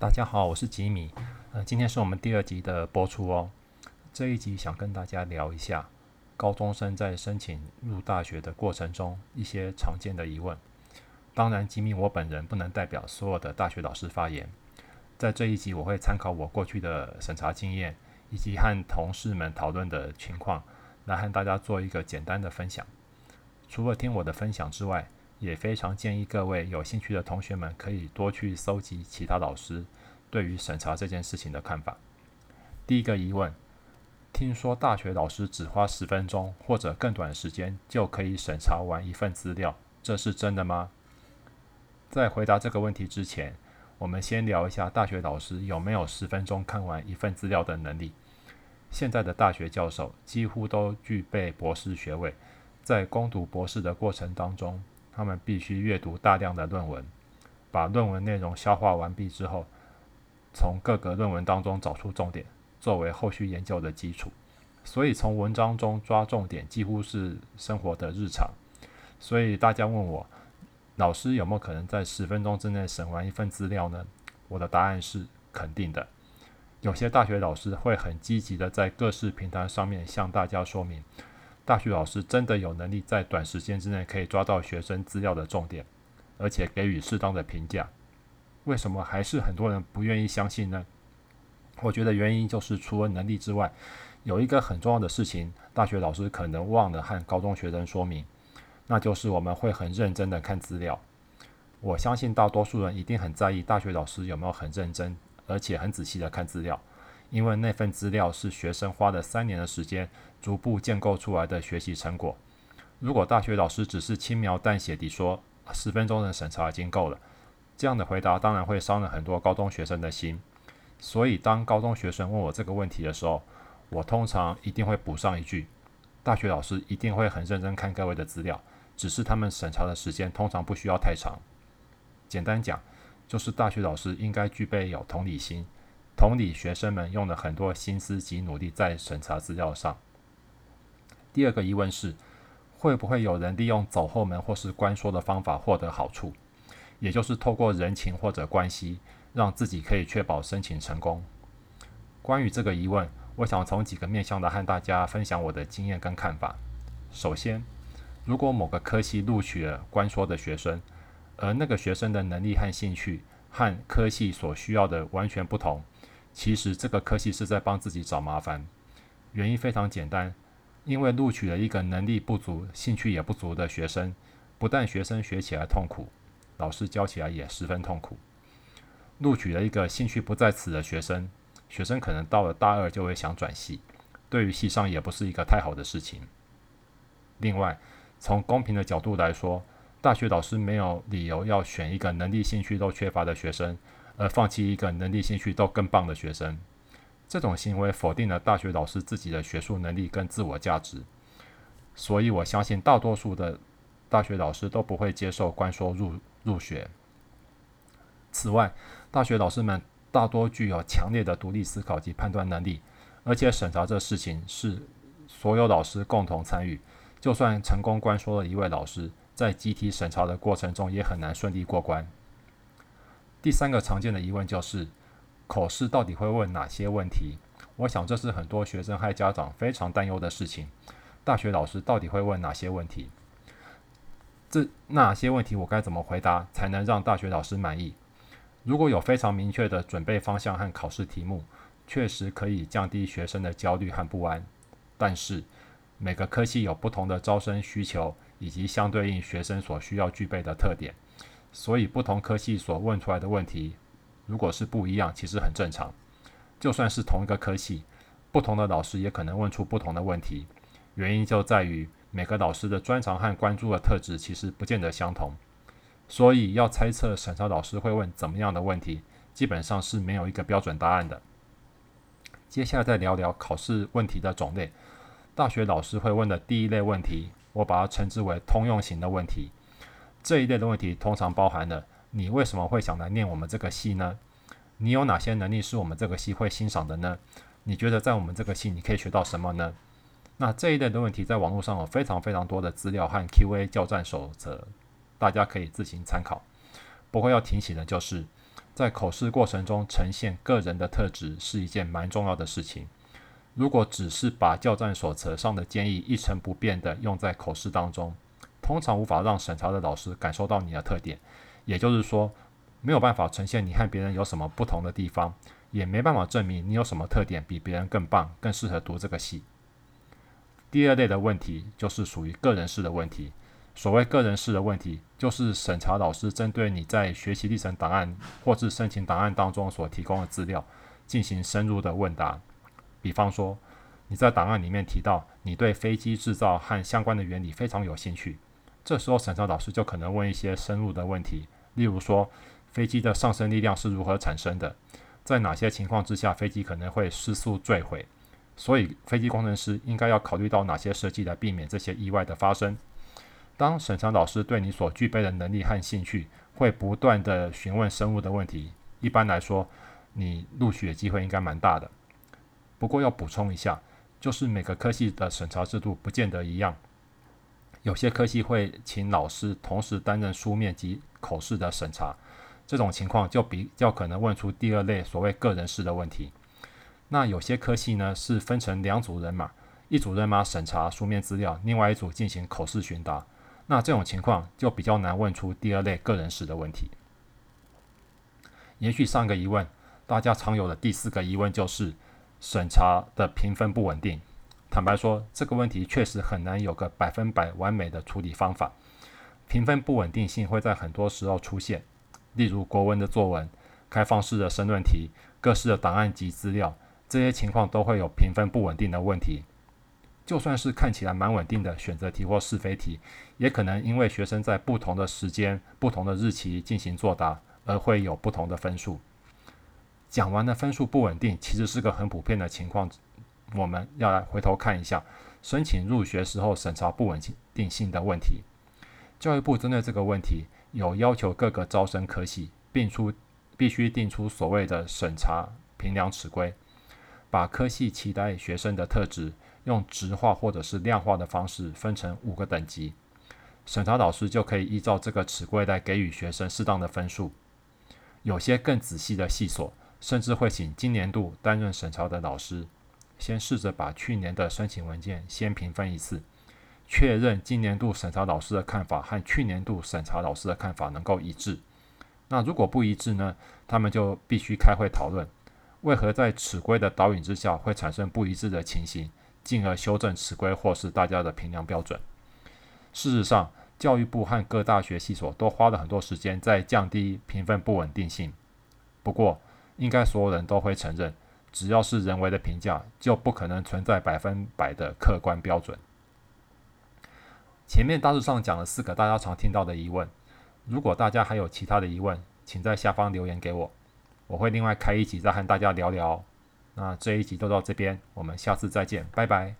大家好，我是吉米。呃，今天是我們第二集的播出哦。這一集想跟大家聊一下高中生在申請入大學的過程中一些常見的疑問。當然，吉米我本人不能代表所有的大學老師發言。在這一集，我會參考我過去的審查經驗，以及和同事們討論的情況，來和大家做一個簡單的分享。除了聽我的分享之外，也非常建議各位有興趣的同學們可以多去蒐集其他老師對於審查這件事情的看法。第一個疑問：聽說大學老師只花十分鐘或者更短時間就可以審查完一份資料，這是真的嗎？在回答這個問題之前，我們先聊一下大學老師有沒有十分鐘看完一份資料的能力。現在的大學教授幾乎都具備博士學位，在攻讀博士的過程當中。他們必須閱讀大量的論文，把論文內容消化完畢之後，從各個論文當中找出重點，作為後續研究的基礎。所以從文章中抓重點幾乎是生活的日常。所以大家問我，老師有沒有可能在十分鐘之內審完一份資料呢？我的答案是肯定的。有些大學老師會很積極的在各式平台上面向大家說明。大學老師真的有能力在短時間之內可以抓到學生資料的重點，而且給予適當的評價，為什麼還是很多人不願意相信呢？我覺得原因就是除了能力之外，有一個很重要的事情，大學老師可能忘了和高中學生說明，那就是我們會很認真的看資料。我相信大多數人一定很在意大學老師有沒有很認真，而且很仔細的看資料。因為那份資料是學生花了三年的時間逐步建構出來的學習成果。如果大學老師只是輕描淡寫地說十分鐘的審查已經夠了，這樣的回答當然會傷了很多高中學生的心。所以，當高中學生問我這個問題的時候，我通常一定會補上一句：大學老師一定會很認真看各位的資料，只是他們審查的時間通常不需要太長。簡單講，就是大學老師應該具備有同理心。同理，學生們用了很多心思及努力在審查資料上。第二個疑問是，會不會有人利用走後門或是關說的方法獲得好處，也就是透過人情或者關係，讓自己可以確保申請成功？關於這個疑問，我想從幾個面向地和大家分享我的經驗跟看法。首先，如果某個科系錄取了關說的學生，而那個學生的能力和興趣和科系所需要的完全不同，其實這個科系是在幫自己找麻煩，原因非常簡單，因為錄取了一個能力不足、興趣也不足的學生，不但學生學起來痛苦，老師教起來也十分痛苦。錄取了一個興趣不在此的學生，學生可能到了大二就會想轉系，對於系上也不是一個太好的事情。另外，從公平的角度來說，大學老師沒有理由要選一個能力、興趣都缺乏的學生。而放棄一個能力、興趣都更棒的學生，這種行為否定了大學老師自己的學術能力跟自我價值。所以，我相信大多數的大學老師都不會接受關說入入學。此外，大學老師們大多具有強烈的獨立思考及判斷能力，而且審查這事情是所有老師共同參與。就算成功關說了一位老師，在集體審查的過程中也很難順利過關。第三個常見的疑問就是，考試到底會問哪些問題？我想這是很多學生和家長非常擔憂的事情。大學老師到底會問哪些問題？這那些問題我該怎麼回答才能讓大學老師滿意？如果有非常明確的準備方向和考試題目，確實可以降低學生的焦慮和不安。但是每個科系有不同的招生需求以及相對應學生所需要具備的特點。所以不同科系所問出來的問題，如果是不一樣，其實很正常。就算是同一個科系，不同的老師也可能問出不同的問題，原因就在於每個老師的專長和關注的特質其實不見得相同。所以要猜測審查老師會問怎麼樣的問題，基本上是沒有一個標準答案的。接下來再聊聊考試問題的種類。大學老師會問的第一類問題，我把它稱之為通用型的問題。這一類的問題通常包含了：你為什麼會想來念我們這個系呢？你有哪些能力是我們這個系會欣賞的呢？你覺得在我們這個系你可以學到什麼呢？那這一類的問題在網絡上有非常非常多的資料和 QA 教戰守則，大家可以自行參考。不過要提醒的就是，在口試過程中呈現個人的特質，是一件蠻重要的事情。如果只是把教戰守則上的建議一成不變地用在口試當中，通常無法讓審查的老師感受到你的特點，也就是說，沒有辦法呈現你和別人有什麼不同的地方，也沒辦法證明你有什麼特點比別人更棒、更適合讀這個系。第二類的問題就是屬於個人式的問題。所謂個人式的問題，就是審查老師針對你在學習歷程檔案或是申請檔案當中所提供的資料進行深入的問答。比方說，你在檔案裡面提到你對飛機製造和相關的原理非常有興趣。這時候審查老師就可能問一些深入的問題，例如說，飛機的上升力量是如何產生的，在哪些情況之下飛機可能會失速墜毀，所以飛機工程師應該要考慮到哪些設計來避免這些意外的發生。當審查老師對你所具備的能力和興趣會不斷的詢問深入的問題，一般來說，你錄取的機會應該蠻大的。不過要補充一下，就是每個科系的審查制度不見得一樣。有些科系會請老師同時擔任書面及口試的審查，這種情況就比較可能問出第二類所謂個人史的問題。那有些科系呢，是分成兩組人馬，一組人馬審查書面資料，另外一組進行口試詢答。那這種情況就比較難問出第二類個人史的問題。延續上個疑問，大家常有的第四個疑問就是審查的評分不穩定。坦白說，這個問題確實很難有個百分百完美的處理方法。評分不穩定性會在很多時候出現，例如國文的作文、開放式的申論題、各式的檔案及資料，這些情況都會有評分不穩定的問題。就算是看起來蠻穩定的選擇題或是非題，也可能因為學生在不同的時間、不同的日期進行作答，而會有不同的分數。講完的分數不穩定，其實是個很普遍的情況。我們要來回頭看一下申請入學時候審查不穩定性的問題。教育部針對這個問題，有要求各個招生科系並出必須定出所謂的審查評量尺規，把科系期待學生的特質用質化或者是量化的方式分成五個等級，審查老師就可以依照這個尺規來給予學生適當的分數。有些更仔細的系所，甚至會請今年度擔任審查的老師先試着把去年的申請文件先評分一次，確認今年度審查老師的看法和去年度審查老師的看法能夠一致。那如果不一致呢？他們就必須開會討論，為何在尺規的導引之下會產生不一致的情形，進而修正尺規或是大家的評量標準。事實上，教育部和各大學系所都花了很多時間在降低評分不穩定性。不過，應該所有人都會承認。只要是人為的評價，就不可能存在百分百的客觀標準。前面大致上講了四個大家常聽到的疑問，如果大家還有其他的疑問，請在下方留言給我，我會另外開一集再和大家聊聊。那這一集就到這邊，我們下次再見，拜拜。